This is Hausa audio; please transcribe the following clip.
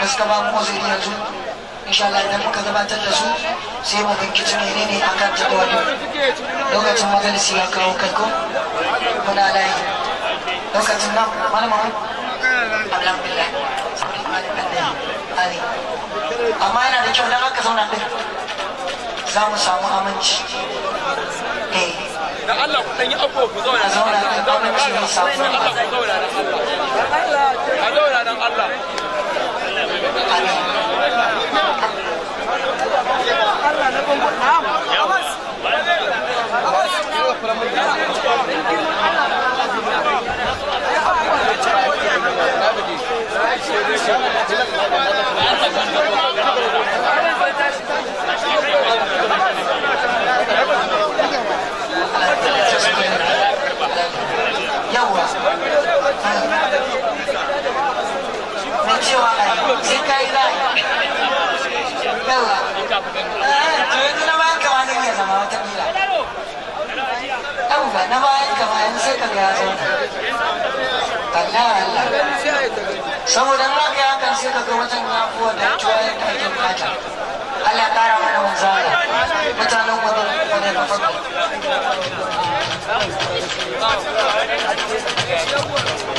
da kuma zai iya zo insha Allah idan muka gabatar da su sai mu binciki menene akan wato lokacin majalisi ya kawo kai ko muna layi lokacin nan malama alhamdulillah amma yana da kyau dan aka zauna din za mu samu aminci da Allah ku yi abu ku zauna ku zauna ku zauna ku zauna ku zauna zauna ku zauna zauna mai cewa ai ka ga wajen ake kara